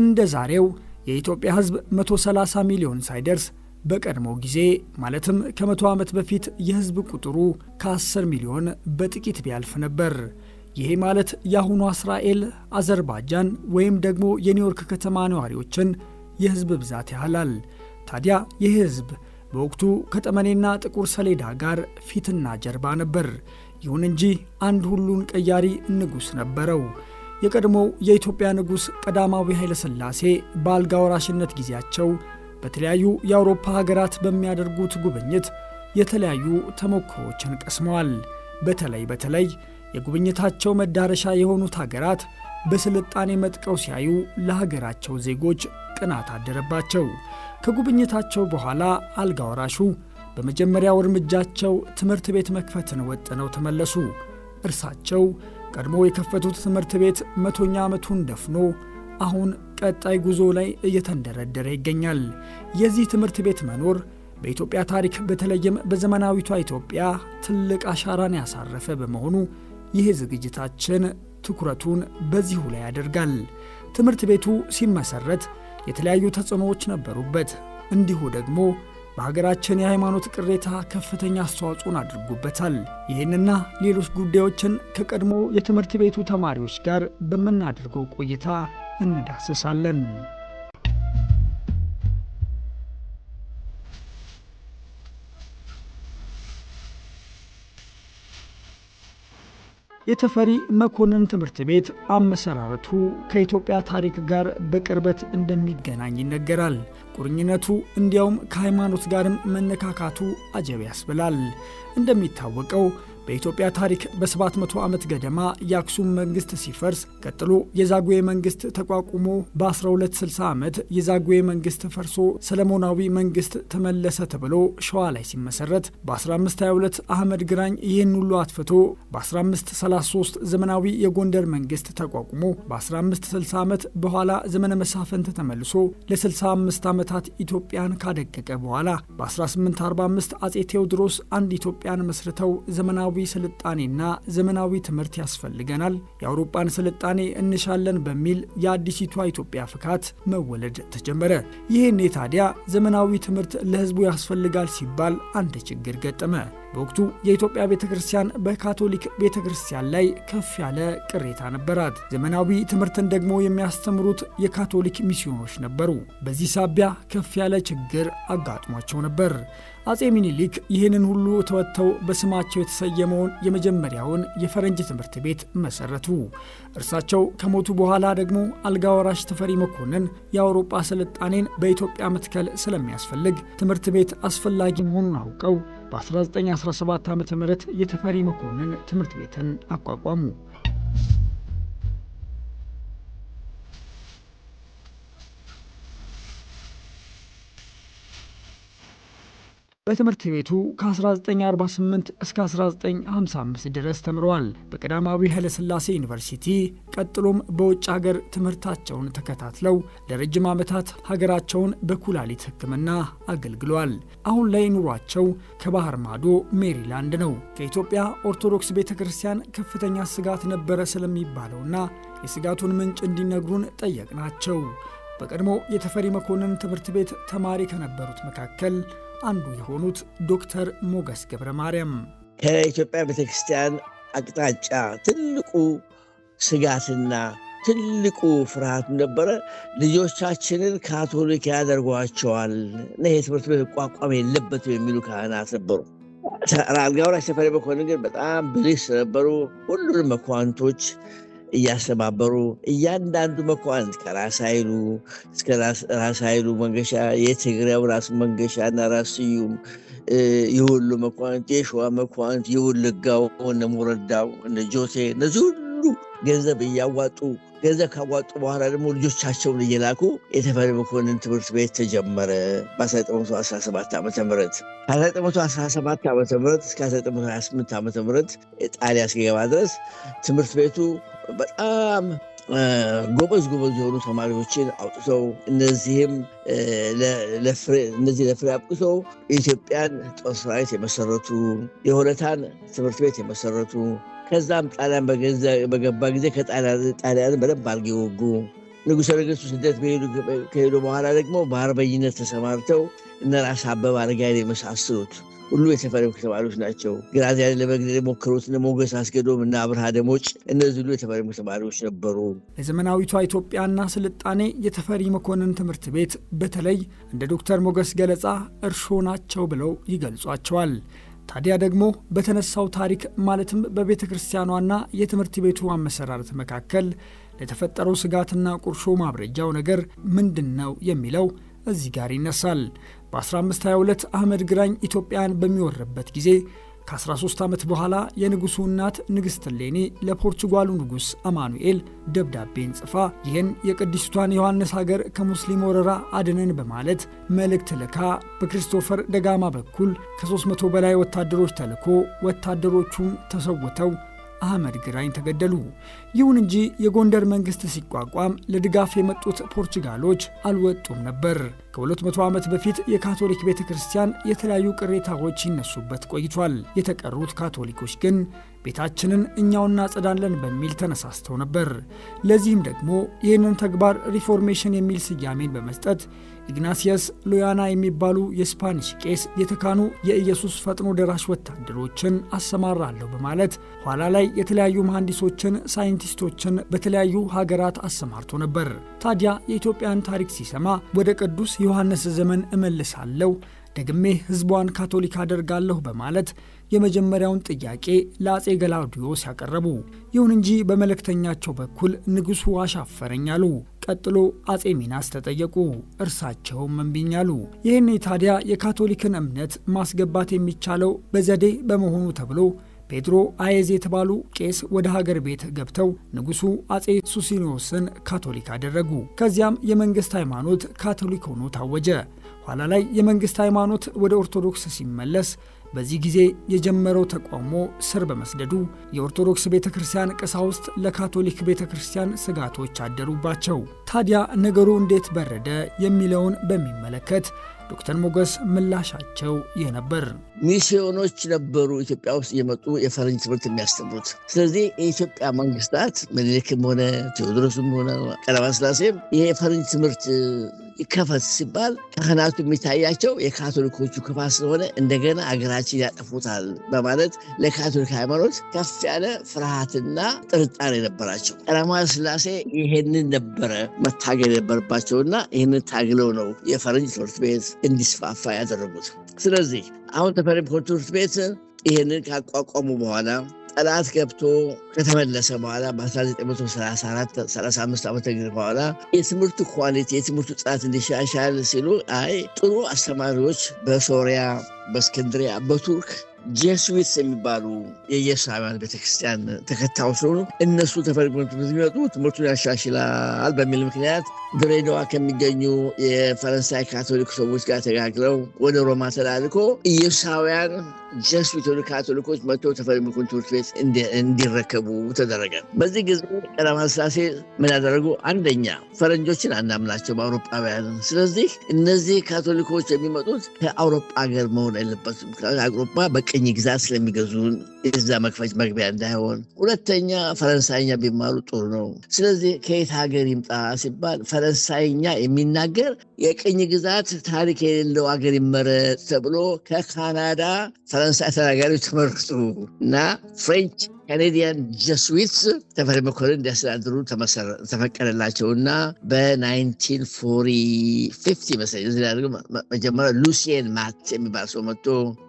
እንደ ዛሬው የኢትዮጵያ ሕዝብ 130 ሚሊዮን ሳይደርስ በቀድሞ ጊዜ ማለትም ከመቶ ዓመት በፊት የሕዝብ ቁጥሩ ከ10 ሚሊዮን በጥቂት ቢያልፍ ነበር። ይሄ ማለት የአሁኗ እስራኤል፣ አዘርባጃን ወይም ደግሞ የኒውዮርክ ከተማ ነዋሪዎችን የሕዝብ ብዛት ያህላል። ታዲያ ይህ ሕዝብ በወቅቱ ከጠመኔና ጥቁር ሰሌዳ ጋር ፊትና ጀርባ ነበር። ይሁን እንጂ አንድ ሁሉን ቀያሪ ንጉሥ ነበረው። የቀድሞው የኢትዮጵያ ንጉሥ ቀዳማዊ ኃይለ ሥላሴ በአልጋ ወራሽነት ጊዜያቸው በተለያዩ የአውሮፓ ሀገራት በሚያደርጉት ጉብኝት የተለያዩ ተሞክሮዎችን ቀስመዋል። በተለይ በተለይ የጉብኝታቸው መዳረሻ የሆኑት ሀገራት በስልጣኔ መጥቀው ሲያዩ ለሀገራቸው ዜጎች ቅናት አደረባቸው። ከጉብኝታቸው በኋላ አልጋ ወራሹ በመጀመሪያው እርምጃቸው ትምህርት ቤት መክፈትን ወጥነው ተመለሱ። እርሳቸው ቀድሞ የከፈቱት ትምህርት ቤት መቶኛ ዓመቱን ደፍኖ አሁን ቀጣይ ጉዞ ላይ እየተንደረደረ ይገኛል። የዚህ ትምህርት ቤት መኖር በኢትዮጵያ ታሪክ በተለይም በዘመናዊቷ ኢትዮጵያ ትልቅ አሻራን ያሳረፈ በመሆኑ ይህ ዝግጅታችን ትኩረቱን በዚሁ ላይ ያደርጋል። ትምህርት ቤቱ ሲመሰረት የተለያዩ ተጽዕኖዎች ነበሩበት። እንዲሁ ደግሞ በሀገራችን የሃይማኖት ቅሬታ ከፍተኛ አስተዋጽኦን አድርጎበታል። ይህንና ሌሎች ጉዳዮችን ከቀድሞ የትምህርት ቤቱ ተማሪዎች ጋር በምናደርገው ቆይታ እንዳስሳለን። የተፈሪ መኮንን ትምህርት ቤት አመሰራረቱ ከኢትዮጵያ ታሪክ ጋር በቅርበት እንደሚገናኝ ይነገራል። ቁርኝነቱ እንዲያውም ከሃይማኖት ጋርም መነካካቱ አጀብ ያስብላል። እንደሚታወቀው በኢትዮጵያ ታሪክ በ700 ዓመት ገደማ የአክሱም መንግስት ሲፈርስ ቀጥሎ የዛጉዌ መንግስት ተቋቁሞ በ1260 ዓመት የዛጉዌ መንግስት ፈርሶ ሰለሞናዊ መንግስት ተመለሰ ተብሎ ሸዋ ላይ ሲመሰረት በ1522 አህመድ ግራኝ ይህን ሁሉ አትፍቶ በ1533 ዘመናዊ የጎንደር መንግስት ተቋቁሞ በ1560 ዓመት በኋላ ዘመነ መሳፈንት ተመልሶ ለ65 ዓመታት ኢትዮጵያን ካደቀቀ በኋላ በ1845 አጼ ቴዎድሮስ አንድ ኢትዮጵያን መስርተው ዘመናዊ ስልጣኔና ዘመናዊ ትምህርት ያስፈልገናል፣ የአውሮፓን ስልጣኔ እንሻለን በሚል የአዲሲቷ ኢትዮጵያ ፍካት መወለድ ተጀመረ። ይህኔ ታዲያ ዘመናዊ ትምህርት ለህዝቡ ያስፈልጋል ሲባል አንድ ችግር ገጠመ። በወቅቱ የኢትዮጵያ ቤተ ክርስቲያን በካቶሊክ ቤተ ክርስቲያን ላይ ከፍ ያለ ቅሬታ ነበራት። ዘመናዊ ትምህርትን ደግሞ የሚያስተምሩት የካቶሊክ ሚስዮኖች ነበሩ። በዚህ ሳቢያ ከፍ ያለ ችግር አጋጥሟቸው ነበር። አጼ ሚኒሊክ ይህንን ሁሉ ተወጥተው በስማቸው የተሰየመውን የመጀመሪያውን የፈረንጅ ትምህርት ቤት መሰረቱ። እርሳቸው ከሞቱ በኋላ ደግሞ አልጋ ወራሽ ተፈሪ መኮንን የአውሮጳ ስልጣኔን በኢትዮጵያ መትከል ስለሚያስፈልግ ትምህርት ቤት አስፈላጊ መሆኑን አውቀው በ1917 ዓ ም የተፈሪ መኮንን ትምህርት ቤትን አቋቋሙ። በትምህርት ቤቱ ከ1948 እስከ 1955 ድረስ ተምረዋል። በቀዳማዊ ኃይለሥላሴ ዩኒቨርሲቲ ቀጥሎም በውጭ ሀገር ትምህርታቸውን ተከታትለው ለረጅም ዓመታት ሀገራቸውን በኩላሊት ሕክምና አገልግሏል። አሁን ላይ ኑሯቸው ከባህር ማዶ ሜሪላንድ ነው። ከኢትዮጵያ ኦርቶዶክስ ቤተ ክርስቲያን ከፍተኛ ስጋት ነበረ ስለሚባለውና የስጋቱን ምንጭ እንዲነግሩን ጠየቅናቸው። በቀድሞ የተፈሪ መኮንን ትምህርት ቤት ተማሪ ከነበሩት መካከል አንዱ የሆኑት ዶክተር ሞገስ ገብረ ማርያም ከኢትዮጵያ ቤተክርስቲያን አቅጣጫ ትልቁ ስጋትና ትልቁ ፍርሃት ነበረ። ልጆቻችንን ካቶሊክ ያደርጓቸዋል እና ይሄ ትምህርት ቤት መቋቋም የለበትም የሚሉ ካህናት ነበሩ። አልጋወራሽ ተፈሪ መኮንን ግን በጣም ብልህ ስለነበሩ ሁሉንም መኳንቶች እያስተባበሩ እያንዳንዱ መኳንት ከራስ ኃይሉ እስከ ራስ ኃይሉ መንገሻ፣ የትግራዩ ራስ መንገሻ እና ራስ ስዩም፣ የወሎ መኳንት፣ የሸዋ መኳንት፣ የወለጋው እነ ሞረዳው፣ እነ ጆቴ እነዚህ ሁሉ ገንዘብ እያዋጡ ገንዘብ ካዋጡ በኋላ ደግሞ ልጆቻቸውን እየላኩ የተፈሪ መኮንን ትምህርት ቤት ተጀመረ በ1917 ዓ ም ከ1917 ዓ ም እስከ 1928 ዓ ም ጣሊያን እስኪገባ ድረስ ትምህርት ቤቱ በጣም ጎበዝ ጎበዝ የሆኑ ተማሪዎችን አውጥተው እነዚህም እነዚህ ለፍሬ አብቅተው የኢትዮጵያን ጦር ሰራዊት የመሰረቱ የሆለታን ትምህርት ቤት የመሰረቱ ከዛም ጣሊያን በገባ ጊዜ ከጣሊያን በደንብ አድርገ የወጉ ንጉሠ ነገሥቱ ስደት ከሄዱ በኋላ ደግሞ በአርበኝነት ተሰማርተው እነ ራስ አበበ አረጋይን የመሳሰሉት ሁሉ የተፈሪው ከተባሎች ናቸው። ግራዚያን ለመግደል የሞከሩት ሞገስ አስገዶም እና አብርሃ ደሞጭ እነዚህ ሁሉ የተፈሪ ከተባሎች ነበሩ። ለዘመናዊቷ ኢትዮጵያና ስልጣኔ የተፈሪ መኮንን ትምህርት ቤት በተለይ እንደ ዶክተር ሞገስ ገለጻ እርሾ ናቸው ብለው ይገልጿቸዋል። ታዲያ ደግሞ በተነሳው ታሪክ ማለትም በቤተ ክርስቲያኗና የትምህርት ቤቱ አመሰራረት መካከል ለተፈጠረው ስጋትና ቁርሾ ማብረጃው ነገር ምንድን ነው የሚለው እዚህ ጋር ይነሳል። በ1522 አህመድ ግራኝ ኢትዮጵያን በሚወርበት ጊዜ ከ13 ዓመት በኋላ የንጉሱ እናት ንግሥት ሌኒ ለፖርቹጋሉ ንጉሥ አማኑኤል ደብዳቤን ጽፋ ይህን የቅድስቷን ዮሐንስ ሀገር ከሙስሊም ወረራ አድነን በማለት መልእክት ልካ በክሪስቶፈር ደጋማ በኩል ከ300 በላይ ወታደሮች ተልኮ ወታደሮቹም ተሰውተው አህመድ ግራኝ ተገደሉ። ይሁን እንጂ የጎንደር መንግሥት ሲቋቋም ለድጋፍ የመጡት ፖርቹጋሎች አልወጡም ነበር። ከ200 ዓመት በፊት የካቶሊክ ቤተ ክርስቲያን የተለያዩ ቅሬታዎች ይነሱበት ቆይቷል። የተቀሩት ካቶሊኮች ግን ቤታችንን እኛው እናጸዳለን በሚል ተነሳስተው ነበር። ለዚህም ደግሞ ይህንን ተግባር ሪፎርሜሽን የሚል ስያሜን በመስጠት ኢግናሲየስ ሎያና የሚባሉ የስፓኒሽ ቄስ የተካኑ የኢየሱስ ፈጥኖ ደራሽ ወታደሮችን አሰማራለሁ በማለት ኋላ ላይ የተለያዩ መሐንዲሶችን ሳይን ሳይንቲስቶችን በተለያዩ ሀገራት አሰማርቶ ነበር። ታዲያ የኢትዮጵያን ታሪክ ሲሰማ ወደ ቅዱስ ዮሐንስ ዘመን እመልሳለሁ፣ ደግሜ ሕዝቧን ካቶሊክ አደርጋለሁ በማለት የመጀመሪያውን ጥያቄ ለአጼ ገላውዲዮስ ያቀረቡ። ይሁን እንጂ በመልእክተኛቸው በኩል ንጉሡ አሻፈረኝ አሉ። ቀጥሎ አጼ ሚናስ ተጠየቁ። እርሳቸውም እምቢኝ አሉ። ይህኔ ታዲያ የካቶሊክን እምነት ማስገባት የሚቻለው በዘዴ በመሆኑ ተብሎ ፔድሮ አየዝ የተባሉ ቄስ ወደ ሀገር ቤት ገብተው ንጉሱ አጼ ሱሲኒዮስን ካቶሊክ አደረጉ። ከዚያም የመንግስት ሃይማኖት ካቶሊክ ሆኖ ታወጀ። ኋላ ላይ የመንግስት ሃይማኖት ወደ ኦርቶዶክስ ሲመለስ በዚህ ጊዜ የጀመረው ተቃውሞ ስር በመስደዱ የኦርቶዶክስ ቤተ ክርስቲያን ቀሳውስት ለካቶሊክ ቤተ ክርስቲያን ስጋቶች አደሩባቸው። ታዲያ ነገሩ እንዴት በረደ የሚለውን በሚመለከት ዶክተር ሞገስ ምላሻቸው ይህ ነበር። ሚስዮኖች ነበሩ ኢትዮጵያ ውስጥ እየመጡ የፈረንጅ ትምህርት የሚያስተምሩት። ስለዚህ የኢትዮጵያ መንግስታት ምኒልክም ሆነ ቴዎድሮስም ሆነ ቀዳማዊ ሥላሴም ይሄ የፈረንጅ ትምህርት ይከፈት ሲባል ካህናቱ የሚታያቸው የካቶሊኮቹ ክፋት ስለሆነ እንደገና አገራችን ያጠፉታል በማለት ለካቶሊክ ሃይማኖት ከፍ ያለ ፍርሃትና ጥርጣሬ ነበራቸው። ቀዳማዊ ስላሴ ይህንን ነበረ መታገል የነበረባቸውና ይህንን ታግለው ነው የፈረንጅ ትምህርት ቤት እንዲስፋፋ ያደረጉት። ስለዚህ አሁን ተፈሪ ትምህርት ቤት ይህንን ካቋቋሙ በኋላ ጠላት ገብቶ ከተመለሰ በኋላ በ1934 ዓመተ ምህረት በኋላ የትምህርቱ ኳሊቲ የትምህርቱ ጥራት እንዲሻሻል ሲሉ አይ ጥሩ አስተማሪዎች በሶሪያ፣ በእስክንድሪያ፣ በቱርክ ጄስዊትስ የሚባሉ ሃይማኖት ቤተክርስቲያን ተከታዮች ስለሆኑ እነሱ ተፈርጎ የሚመጡ ትምህርቱን ያሻሽላል በሚል ምክንያት ድሬዳዋ ከሚገኙ የፈረንሳይ ካቶሊክ ሰዎች ጋር ተጋግለው ወደ ሮማ ተላልኮ ኢየሱሳውያን ጀስዊት የሆኑ ካቶሊኮች መጥቶ ተፈልጎን ትምህርት ቤት እንዲረከቡ ተደረገ። በዚህ ጊዜ ቀዳማዊ ሥላሴ ምን ያደረጉ? አንደኛ ፈረንጆችን አናምናቸው በአውሮጳውያን። ስለዚህ እነዚህ ካቶሊኮች የሚመጡት ከአውሮጳ ሀገር መሆን የለበትም። አውሮፓ ቅኝ ግዛት ስለሚገዙን እዛ መክፈች መግቢያ እንዳይሆን፣ ሁለተኛ ፈረንሳይኛ ቢማሩ ጥሩ ነው። ስለዚህ ከየት ሀገር ይምጣ ሲባል ፈረንሳይኛ የሚናገር የቅኝ ግዛት ታሪክ የሌለው ሀገር ይመረጥ ተብሎ ከካናዳ ፈረንሳይ ተናጋሪዎች ተመረጡ እና ፍሬንች ካኔዲያን ጀስዊት ተፈሪ መኮንን እንዲያስተዳድሩ ተፈቀደላቸው እና በ1940 መሰለኝ መጀመሪያ ሉሲየን ማት የሚባል ሰው መጥቶ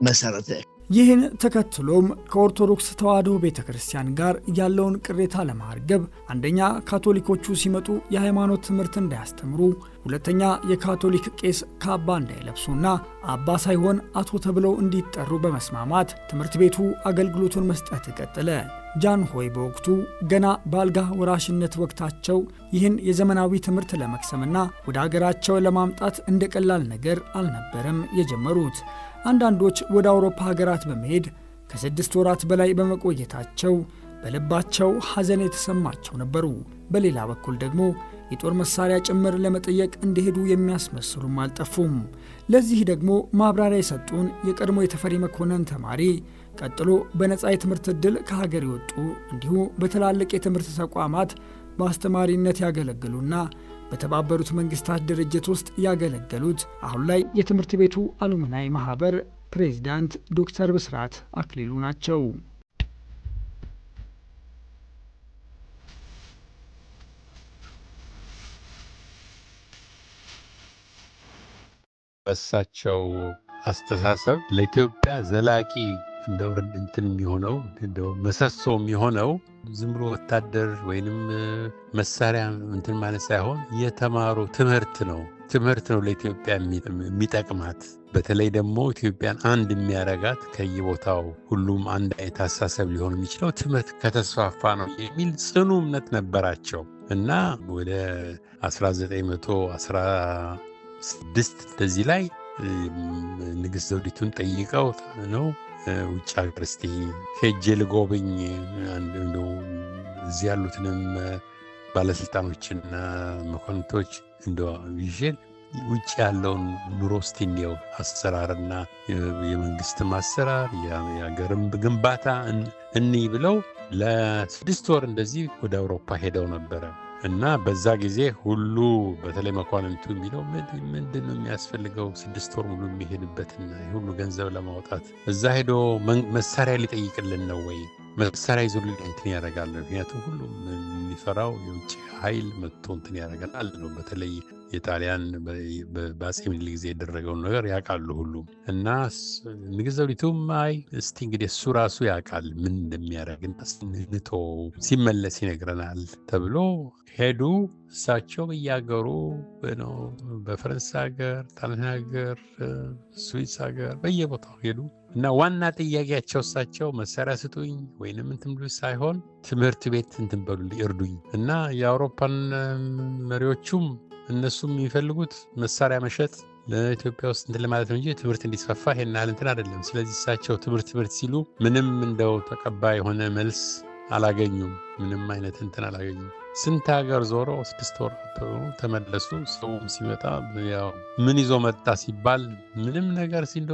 መሰረተ ይህን ተከትሎም ከኦርቶዶክስ ተዋሕዶ ቤተ ክርስቲያን ጋር ያለውን ቅሬታ ለማርገብ አንደኛ ካቶሊኮቹ ሲመጡ የሃይማኖት ትምህርት እንዳያስተምሩ፣ ሁለተኛ የካቶሊክ ቄስ ካባ እንዳይለብሱና አባ ሳይሆን አቶ ተብለው እንዲጠሩ በመስማማት ትምህርት ቤቱ አገልግሎቱን መስጠት ቀጠለ። ጃንሆይ በወቅቱ ገና በአልጋ ወራሽነት ወቅታቸው ይህን የዘመናዊ ትምህርት ለመቅሰምና ወደ አገራቸው ለማምጣት እንደ ቀላል ነገር አልነበረም የጀመሩት። አንዳንዶች ወደ አውሮፓ ሀገራት በመሄድ ከስድስት ወራት በላይ በመቆየታቸው በልባቸው ሐዘን የተሰማቸው ነበሩ። በሌላ በኩል ደግሞ የጦር መሳሪያ ጭምር ለመጠየቅ እንደሄዱ የሚያስመስሉም አልጠፉም። ለዚህ ደግሞ ማብራሪያ የሰጡን የቀድሞ የተፈሪ መኮንን ተማሪ፣ ቀጥሎ በነፃ የትምህርት ዕድል ከሀገር የወጡ እንዲሁ በትላልቅ የትምህርት ተቋማት በአስተማሪነት ያገለግሉና በተባበሩት መንግስታት ድርጅት ውስጥ ያገለገሉት አሁን ላይ የትምህርት ቤቱ አሉምናይ ማህበር ፕሬዚዳንት ዶክተር ብስራት አክሊሉ ናቸው። በሳቸው አስተሳሰብ ለኢትዮጵያ ዘላቂ እንደው እንትን የሚሆነው መሰሶ የሚሆነው ዝም ብሎ ወታደር ወይንም መሳሪያ እንትን ማለት ሳይሆን የተማሩ ትምህርት ነው። ትምህርት ነው ለኢትዮጵያ የሚጠቅማት። በተለይ ደግሞ ኢትዮጵያን አንድ የሚያረጋት ከየቦታው ሁሉም አንድ አይነት አሳሰብ ሊሆን የሚችለው ትምህርት ከተስፋፋ ነው የሚል ጽኑ እምነት ነበራቸው እና ወደ 1916 እንደዚህ ላይ ንግሥት ዘውዲቱን ጠይቀው ነው ውጭ ሀገር እስቲ ሄጄ ልጎብኝ እዚህ ያሉትንም ባለስልጣኖችና መኮንቶች እንደ ይዤ ውጭ ያለውን ኑሮ እስቲ እንየው፣ አሰራርና የመንግስትም አሰራር የሀገርም ግንባታ እንይ ብለው ለስድስት ወር እንደዚህ ወደ አውሮፓ ሄደው ነበረ። እና በዛ ጊዜ ሁሉ በተለይ መኳንንቱ የሚለው ምንድን ነው የሚያስፈልገው ስድስት ወር ሙሉ የሚሄድበትና ሁሉ ገንዘብ ለማውጣት እዛ ሄዶ መሳሪያ ሊጠይቅልን ነው ወይ? መሳሪያ ይዞልን እንትን ያደርጋል። ምክንያቱም ሁሉም የሚፈራው የውጭ ኃይል መጥቶ እንትን ያደርጋል ነው በተለይ የጣሊያን በአፄ ምኒልክ ጊዜ የደረገውን ነገር ያውቃሉ ሁሉም እና ንግዘሪቱም አይ እስቲ እንግዲህ እሱ ራሱ ያውቃል ምን እንደሚያደርግ ስንንቶ ሲመለስ ይነግረናል ተብሎ ሄዱ። እሳቸው በየሀገሩ በፈረንሳይ ሀገር፣ ጣሊያን ሀገር፣ ስዊስ ሀገር በየቦታው ሄዱ እና ዋና ጥያቄያቸው እሳቸው መሳሪያ ስጡኝ ወይንም እንትን ብሉ ሳይሆን ትምህርት ቤት እንትን በሉ እርዱኝ እና የአውሮፓን መሪዎቹም እነሱ የሚፈልጉት መሳሪያ መሸጥ ለኢትዮጵያ ውስጥ እንትን ለማለት ነው እንጂ ትምህርት እንዲስፋፋ ይሄን ያህል እንትን አይደለም። ስለዚህ እሳቸው ትምህርት ትምህርት ሲሉ ምንም እንደው ተቀባይ የሆነ መልስ አላገኙም። ምንም አይነት እንትን አላገኙም። ስንት ሀገር ዞሮ ስድስት ወር ተመለሱ። ሰውም ሲመጣ ያው ምን ይዞ መጣ ሲባል ምንም ነገር ሲንደ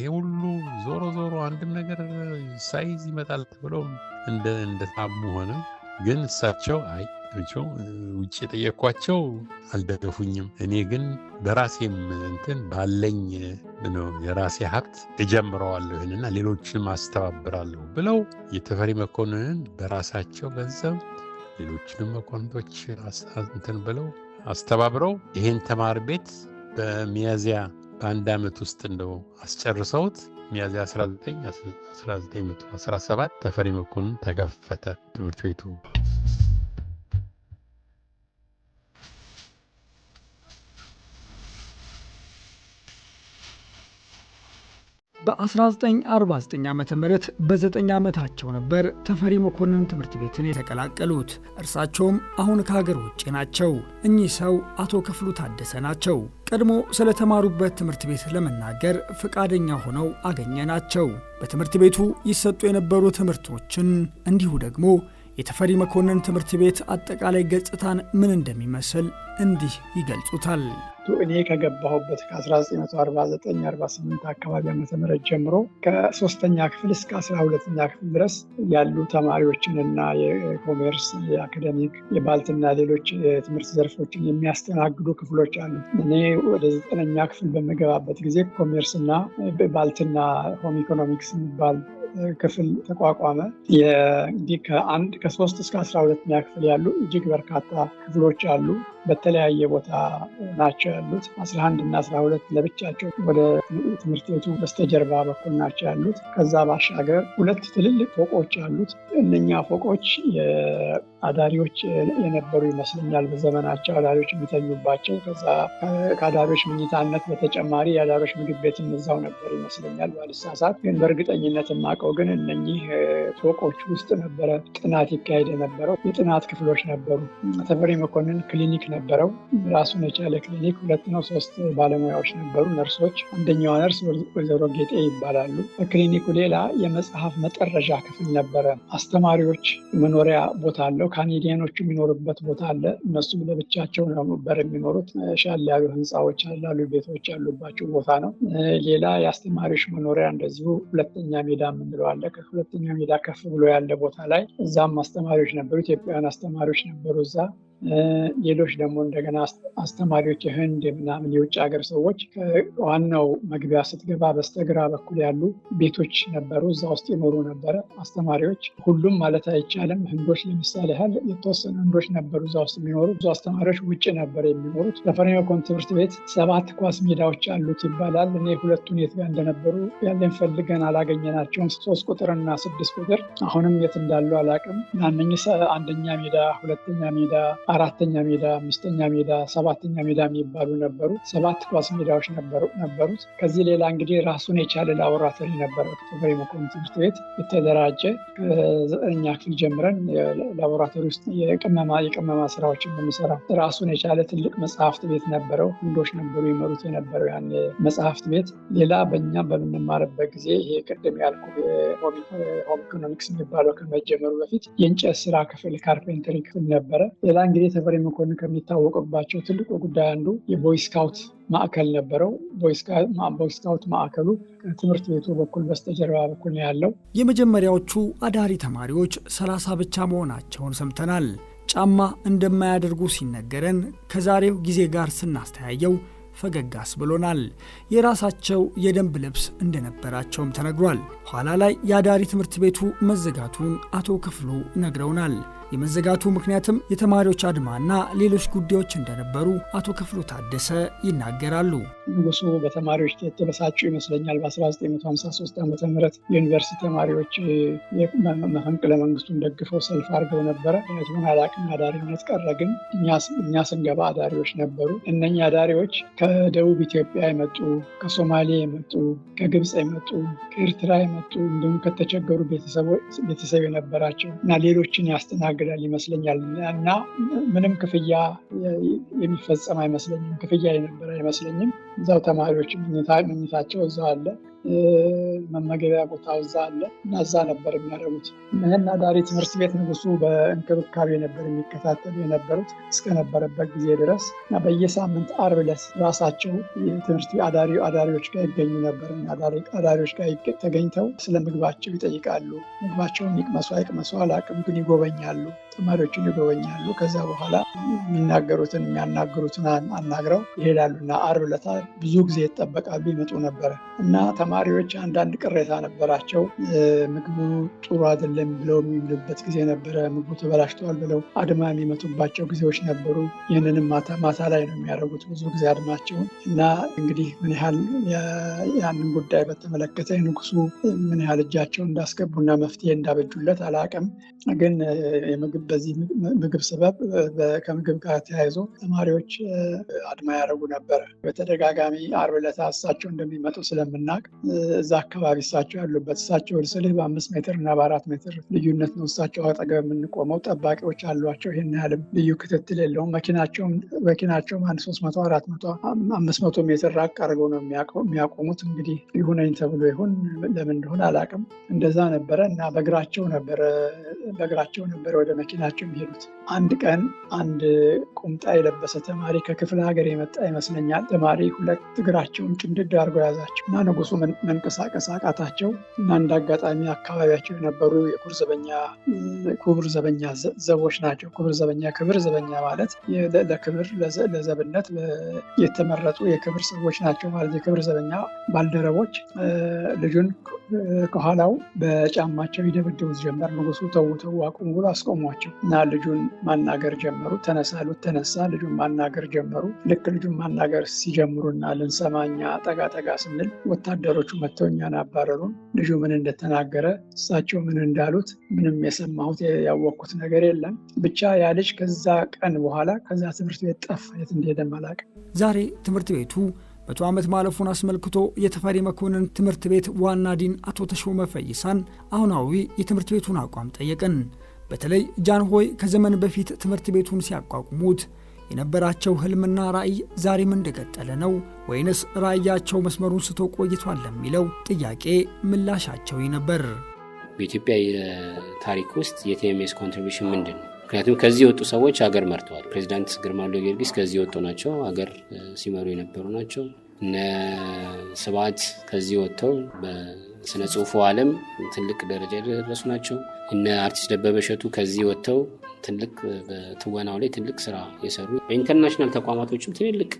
ይሄ ሁሉ ዞሮ ዞሮ አንድም ነገር ሳይዝ ይመጣል ብለው እንደታሙ ሆነ። ግን እሳቸው አይ ናቸው ውጭ የጠየኳቸው አልደገፉኝም። እኔ ግን በራሴም እንትን ባለኝ ነው የራሴ ሀብት እጀምረዋለሁ ይህንና ሌሎችንም አስተባብራለሁ ብለው የተፈሪ መኮንንን በራሳቸው ገንዘብ ሌሎችንም መኮንቶች እንትን ብለው አስተባብረው ይህን ተማሪ ቤት በሚያዝያ በአንድ ዓመት ውስጥ እንደው አስጨርሰውት ሚያዝያ 19 1917 ተፈሪ መኮንን ተከፈተ ትምህርት ቤቱ። በ1949 ዓ ም በዘጠኝ ዓመታቸው ነበር ተፈሪ መኮንን ትምህርት ቤትን የተቀላቀሉት። እርሳቸውም አሁን ከሀገር ውጭ ናቸው። እኚህ ሰው አቶ ክፍሉ ታደሰ ናቸው። ቀድሞ ስለተማሩበት ትምህርት ቤት ለመናገር ፈቃደኛ ሆነው አገኘ ናቸው። በትምህርት ቤቱ ይሰጡ የነበሩ ትምህርቶችን እንዲሁ ደግሞ የተፈሪ መኮንን ትምህርት ቤት አጠቃላይ ገጽታን ምን እንደሚመስል እንዲህ ይገልጹታል። እኔ ከገባሁበት ከ1949/48 አካባቢ ዓ ም ጀምሮ ከሶስተኛ ክፍል እስከ 12ኛ ክፍል ድረስ ያሉ ተማሪዎችን እና የኮሜርስ የአካደሚክ፣ የባልትና ሌሎች የትምህርት ዘርፎችን የሚያስተናግዱ ክፍሎች አሉ። እኔ ወደ ዘጠነኛ ክፍል በምገባበት ጊዜ ኮሜርስ እና ባልትና ሆም ኢኮኖሚክስ የሚባል ክፍል ተቋቋመ። እንግዲህ ከአንድ ከሶስት እስከ አስራ ሁለተኛ ክፍል ያሉ እጅግ በርካታ ክፍሎች አሉ። በተለያየ ቦታ ናቸው ያሉት። አስራ አንድ እና አስራ ሁለት ለብቻቸው ወደ ትምህርት ቤቱ በስተጀርባ በኩል ናቸው ያሉት። ከዛ ባሻገር ሁለት ትልልቅ ፎቆች አሉት። እነኛ ፎቆች አዳሪዎች የነበሩ ይመስለኛል። በዘመናቸው አዳሪዎች የሚተኙባቸው ከዛ ከአዳሪዎች መኝታነት በተጨማሪ የአዳሪዎች ምግብ ቤት እዛው ነበር ይመስለኛል ባልሳሳት። ግን በእርግጠኝነት የማውቀው ግን እነኚህ ፎቆች ውስጥ ነበረ ጥናት ይካሄድ የነበረው። የጥናት ክፍሎች ነበሩ። ተፈሪ መኮንን ክሊኒክ ነበረው፣ ራሱን የቻለ ክሊኒክ። ሁለት ነው ሶስት ባለሙያዎች ነበሩ ነርሶች። አንደኛዋ ነርስ ወይዘሮ ጌጤ ይባላሉ። በክሊኒኩ ሌላ የመጽሐፍ መጠረዣ ክፍል ነበረ። አስተማሪዎች መኖሪያ ቦታ አለው። ካኔዲያኖች የሚኖሩበት ቦታ አለ። እነሱም ለብቻቸው ነበር የሚኖሩት። ሻል ያሉ ህንፃዎች ያላሉ ቤቶች ያሉባቸው ቦታ ነው። ሌላ የአስተማሪዎች መኖሪያ እንደዚሁ ሁለተኛ ሜዳ የምንለው አለ። ከሁለተኛ ሜዳ ከፍ ብሎ ያለ ቦታ ላይ እዛም አስተማሪዎች ነበሩ፣ ኢትዮጵያውያን አስተማሪዎች ነበሩ እዛ ሌሎች ደግሞ እንደገና አስተማሪዎች የህንድ ምናምን የውጭ ሀገር ሰዎች ከዋናው መግቢያ ስትገባ በስተግራ በኩል ያሉ ቤቶች ነበሩ። እዛ ውስጥ ይኖሩ ነበረ አስተማሪዎች። ሁሉም ማለት አይቻልም። ህንዶች ለምሳሌ ያህል የተወሰኑ ህንዶች ነበሩ እዛ ውስጥ የሚኖሩ። ብዙ አስተማሪዎች ውጭ ነበር የሚኖሩት። ተፈሪ መኮንን ትምህርት ቤት ሰባት ኳስ ሜዳዎች አሉት ይባላል። እኔ ሁለቱን የት ጋር እንደነበሩ ያለን ፈልገን አላገኘናቸውም። ሶስት ቁጥርና ስድስት ቁጥር አሁንም የት እንዳሉ አላውቅም። አንደኛ ሜዳ፣ ሁለተኛ ሜዳ አራተኛ ሜዳ፣ አምስተኛ ሜዳ፣ ሰባተኛ ሜዳ የሚባሉ ነበሩ። ሰባት ኳስ ሜዳዎች ነበሩት። ከዚህ ሌላ እንግዲህ ራሱን የቻለ ላቦራቶሪ ነበረው። ተፈሪ መኮንን ትምህርት ቤት የተደራጀ ከዘጠነኛ ክፍል ጀምረን ላቦራቶሪ ውስጥ የቅመማ ስራዎችን የምንሰራ ራሱን የቻለ ትልቅ መጽሐፍት ቤት ነበረው። ህንዶች ነበሩ ይመሩት የነበረው ያን መጽሐፍት ቤት። ሌላ በእኛም በምንማርበት ጊዜ ይሄ ቅድም ያልኩ ሆም ኢኮኖሚክስ የሚባለው ከመጀመሩ በፊት የእንጨት ስራ ክፍል ካርፔንተሪ ክፍል ነበረ። ሌላ እንግዲህ የተፈሪ መኮንን ከሚታወቅባቸው ትልቁ ጉዳይ አንዱ የቦይስካውት ማዕከል ነበረው። ቦይስካውት ማዕከሉ ከትምህርት ቤቱ በኩል በስተጀርባ በኩል ነው ያለው። የመጀመሪያዎቹ አዳሪ ተማሪዎች ሰላሳ ብቻ መሆናቸውን ሰምተናል። ጫማ እንደማያደርጉ ሲነገረን ከዛሬው ጊዜ ጋር ስናስተያየው ፈገጋስ ብሎናል። የራሳቸው የደንብ ልብስ እንደነበራቸውም ተነግሯል። ኋላ ላይ የአዳሪ ትምህርት ቤቱ መዘጋቱን አቶ ክፍሉ ነግረውናል። የመዘጋቱ ምክንያትም የተማሪዎች አድማና ሌሎች ጉዳዮች እንደነበሩ አቶ ክፍሉ ታደሰ ይናገራሉ። ንጉሱ በተማሪዎች የተበሳጩ ይመስለኛል። በ1953 ዓ ም የዩኒቨርሲቲ ተማሪዎች መፈንቅለ መንግስቱን ደግፈው ሰልፍ አድርገው ነበረ። እውነቱን አላቅም፣ አዳሪነት ቀረ። ግን እኛ ስንገባ አዳሪዎች ነበሩ። እነኛ አዳሪዎች ከደቡብ ኢትዮጵያ የመጡ ከሶማሌ የመጡ ከግብፅ የመጡ ከኤርትራ የመጡ እንዲሁም ከተቸገሩ ቤተሰብ የነበራቸው እና ሌሎችን ያስተናገ ያገለግላል ይመስለኛል እና ምንም ክፍያ የሚፈጸም አይመስለኝም። ክፍያ የነበረ አይመስለኝም። እዛው ተማሪዎች መኝታቸው እዛው አለ። መመገቢያ ቦታ እዛ አለ እና እዛ ነበር የሚያደርጉት። ምህና ዳሪ ትምህርት ቤት ንጉሱ በእንክብካቤ ነበር የሚከታተሉ የነበሩት እስከነበረበት ጊዜ ድረስ እና በየሳምንት አርብ ዕለት ራሳቸው ትምህርት አዳሪ አዳሪዎች ጋር ይገኙ ነበር። አዳሪዎች ጋር ተገኝተው ስለ ምግባቸው ይጠይቃሉ። ምግባቸውን ይቅመሱ አይቅመሱ አላቅም፣ ግን ይጎበኛሉ፣ ተማሪዎችን ይጎበኛሉ። ከዛ በኋላ የሚናገሩትን የሚያናግሩትን አናግረው ይሄዳሉ እና አርብ ዕለት ብዙ ጊዜ ይጠበቃሉ፣ ይመጡ ነበረ እና ተማሪዎች አንዳንድ ቅሬታ ነበራቸው። ምግቡ ጥሩ አይደለም ብለው የሚሉበት ጊዜ ነበረ። ምግቡ ተበላሽተዋል ብለው አድማ የሚመቱባቸው ጊዜዎች ነበሩ። ይህንንም ማታ ማታ ላይ ነው የሚያደርጉት ብዙ ጊዜ አድማቸውን እና እንግዲህ ምን ያህል ያንን ጉዳይ በተመለከተ ንጉሱ ምን ያህል እጃቸውን እንዳስገቡና መፍትሄ እንዳበጁለት አላቅም ግን የምግብ በዚህ ምግብ ሰበብ ከምግብ ጋር ተያይዞ ተማሪዎች አድማ ያደረጉ ነበረ በተደጋጋሚ አርብ ዕለት እሳቸው እንደሚመጡ ስለምናውቅ እዛ አካባቢ እሳቸው ያሉበት እሳቸው ስልህ በአምስት ሜትር እና በአራት ሜትር ልዩነት ነው እሳቸው አጠገብ የምንቆመው። ጠባቂዎች አሏቸው። ይህን ያህልም ልዩ ክትትል የለውም። መኪናቸውም አንድ ሶስት መቶ አራት መቶ አምስት መቶ ሜትር ራቅ አድርገው ነው የሚያቆሙት። እንግዲህ ይሁነኝ ተብሎ ይሁን ለምን እንደሆነ አላቅም እንደዛ ነበረ እና በእግራቸው ነበረ በእግራቸው ነበረ ወደ መኪናቸው የሚሄዱት። አንድ ቀን አንድ ቁምጣ የለበሰ ተማሪ ከክፍለ ሀገር የመጣ ይመስለኛል ተማሪ ሁለት እግራቸውን ጭንድድ አድርገው ያዛቸው እና ንጉሱ ምን መንቀሳቀስ አቃታቸው እና እንደ አጋጣሚ አካባቢያቸው የነበሩ የክቡር ዘበኛ ዘቦች ናቸው። ክቡር ዘበኛ ክብር ዘበኛ ማለት ለክብር ለዘብነት የተመረጡ የክብር ሰዎች ናቸው ማለት የክብር ዘበኛ ባልደረቦች ልጁን ከኋላው በጫማቸው ይደበድቡት ጀመር። ንጉሱ ተው ተው ብሎ አስቆሟቸው እና ልጁን ማናገር ጀመሩ። ተነሳ ሉት ተነሳ። ልጁን ማናገር ጀመሩ። ልክ ልጁን ማናገር ሲጀምሩና ልንሰማኛ ጠጋ ጠጋ ስንል ወታደሮ ፖሊሶቹ መጥተው እኛን አባረሩን። ልጁ ምን እንደተናገረ እሳቸው ምን እንዳሉት ምንም የሰማሁት ያወቅኩት ነገር የለም። ብቻ ያ ልጅ ከዛ ቀን በኋላ ከዛ ትምህርት ቤት ጠፋ፣ የት እንደሄደ አላውቅም። ዛሬ ትምህርት ቤቱ መቶ ዓመት ማለፉን አስመልክቶ የተፈሪ መኮንን ትምህርት ቤት ዋና ዲን አቶ ተሾመ ፈይሳን አሁናዊ የትምህርት ቤቱን አቋም ጠየቅን። በተለይ ጃንሆይ ከዘመን በፊት ትምህርት ቤቱን ሲያቋቁሙት የነበራቸው ህልምና ራዕይ ዛሬም እንደቀጠለ ነው ወይንስ ራእያቸው መስመሩን ስቶ ቆይቷል ለሚለው ጥያቄ ምላሻቸው ነበር። በኢትዮጵያ ታሪክ ውስጥ የቲኤምኤስ ኮንትሪቢሽን ምንድን ነው? ምክንያቱም ከዚህ የወጡ ሰዎች ሀገር መርተዋል። ፕሬዚዳንት ግርማ ጊዮርጊስ ከዚህ የወጡ ናቸው፣ ሀገር ሲመሩ የነበሩ ናቸው። እነ ከዚህ ወጥተው በስነ ጽሁፉ አለም ትልቅ ደረጃ የደረሱ ናቸው። እነ አርቲስት ደበበ ከዚህ ወጥተው ትልቅ በትወናው ላይ ትልቅ ስራ የሰሩ በኢንተርናሽናል ተቋማቶችም ትልልቅ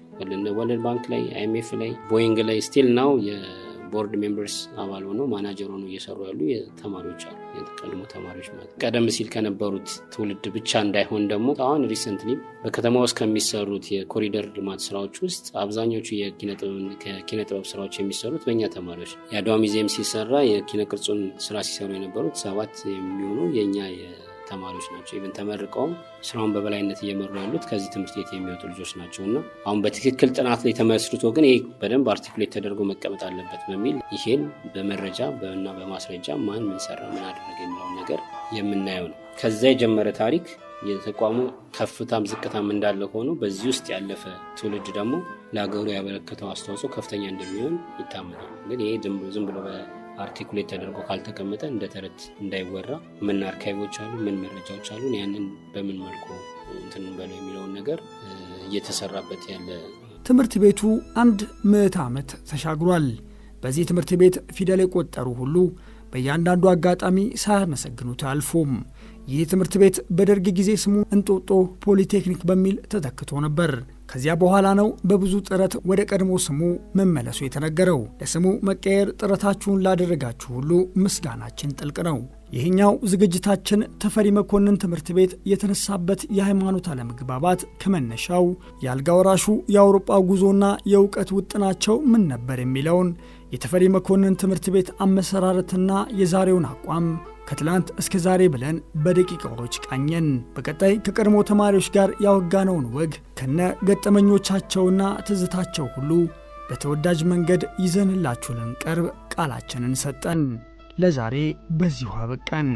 ወለድ ባንክ ላይ አይኤምኤፍ ላይ ቦይንግ ላይ ስቲል ናው የቦርድ ሜምበርስ አባል ሆነው ማናጀር ሆነው እየሰሩ ያሉ ተማሪዎች አሉ። የቀድሞ ተማሪዎች ማለት ቀደም ሲል ከነበሩት ትውልድ ብቻ እንዳይሆን ደግሞ አሁን ሪሰንትሊ በከተማ ውስጥ ከሚሰሩት የኮሪደር ልማት ስራዎች ውስጥ አብዛኞቹ የኪነጥበብ ስራዎች የሚሰሩት በእኛ ተማሪዎች ነው። የአድዋ ሙዚየም ሲሰራ የኪነ ቅርጹን ስራ ሲሰሩ የነበሩት ሰባት የሚሆኑ የእኛ ተማሪዎች ናቸው። ኢብን ተመርቀውም ስራውን በበላይነት እየመሩ ያሉት ከዚህ ትምህርት ቤት የሚወጡ ልጆች ናቸው እና አሁን በትክክል ጥናት ላይ ተመስርቶ ግን ይሄ በደንብ አርቲኩሌት ተደርጎ መቀመጥ አለበት በሚል ይሄን በመረጃ እና በማስረጃ ማን ምን ሰራ ምን አደረገ የሚለውን ነገር የምናየው ነው። ከዛ የጀመረ ታሪክ የተቋሙ ከፍታም ዝቅታም እንዳለ ሆኖ በዚህ ውስጥ ያለፈ ትውልድ ደግሞ ለሀገሩ ያበረከተው አስተዋጽኦ ከፍተኛ እንደሚሆን ይታመናል። ግን ይሄ ዝም ብሎ አርቲኩሌት ተደርጎ ካልተቀመጠ እንደ ተረት እንዳይወራ ምን አርካይቦች አሉ፣ ምን መረጃዎች አሉ፣ ያንን በምን መልኩ እንትን በለው የሚለውን ነገር እየተሰራበት ያለ ትምህርት ቤቱ አንድ ምዕት ዓመት ተሻግሯል። በዚህ ትምህርት ቤት ፊደል የቆጠሩ ሁሉ በእያንዳንዱ አጋጣሚ ሳያመሰግኑት አልፎም ይህ ትምህርት ቤት በደርግ ጊዜ ስሙ እንጦጦ ፖሊቴክኒክ በሚል ተተክቶ ነበር። ከዚያ በኋላ ነው በብዙ ጥረት ወደ ቀድሞ ስሙ መመለሱ የተነገረው። ለስሙ መቀየር ጥረታችሁን ላደረጋችሁ ሁሉ ምስጋናችን ጥልቅ ነው። ይህኛው ዝግጅታችን ተፈሪ መኮንን ትምህርት ቤት የተነሳበት የሃይማኖት አለመግባባት ከመነሻው የአልጋ ወራሹ የአውሮጳ ጉዞና የእውቀት ውጥናቸው ምን ነበር የሚለውን የተፈሪ መኮንን ትምህርት ቤት አመሰራረትና የዛሬውን አቋም ከትላንት እስከ ዛሬ ብለን በደቂቃዎች ቃኘን። በቀጣይ ከቀድሞ ተማሪዎች ጋር ያወጋነውን ወግ ከነ ገጠመኞቻቸውና ትዝታቸው ሁሉ በተወዳጅ መንገድ ይዘንላችሁ ልንቀርብ ቃላችንን ሰጠን። ለዛሬ በዚሁ አበቃን።